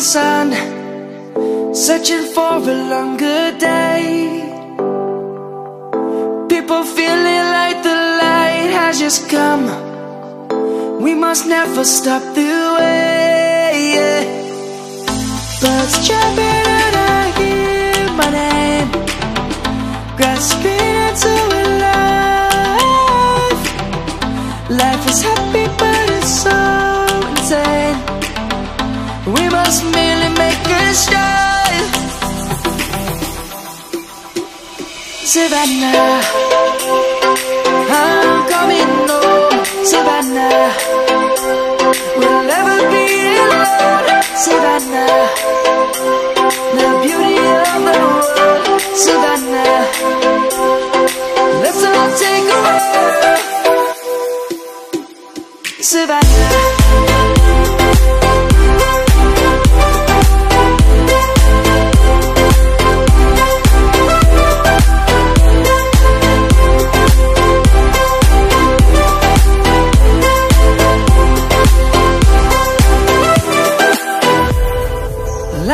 sun Searching for a longer day People feeling like the light has just come We must never stop the way yeah. Birds chirping and I hear my name Grasping just merely make a shy Savannah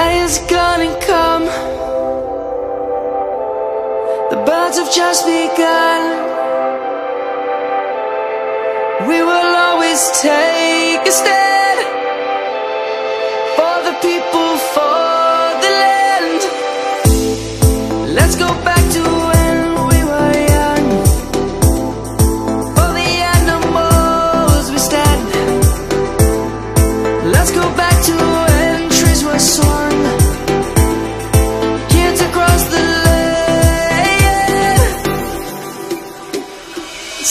light is gonna come The birds have just begun We will always take a stand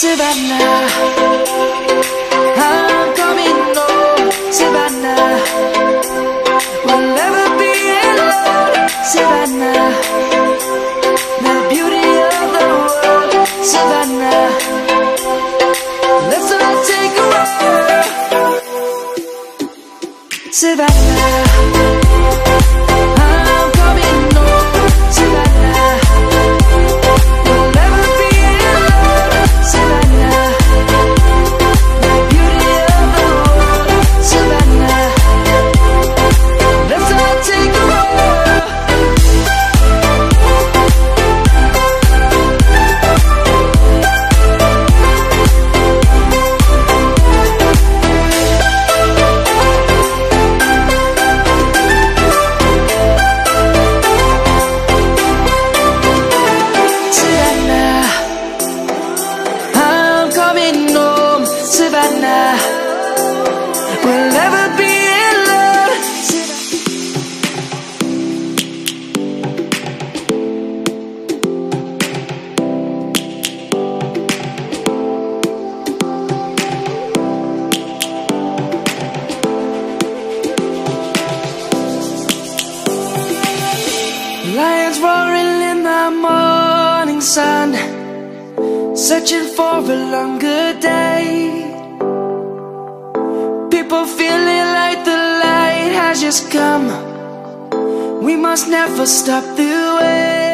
Savannah, I'm coming home, Savannah. We'll never be alone, Savannah. The beauty of the world, Savannah. Let's all take a ride. Savannah. sun Searching for a longer day People feeling like the light has just come We must never stop the way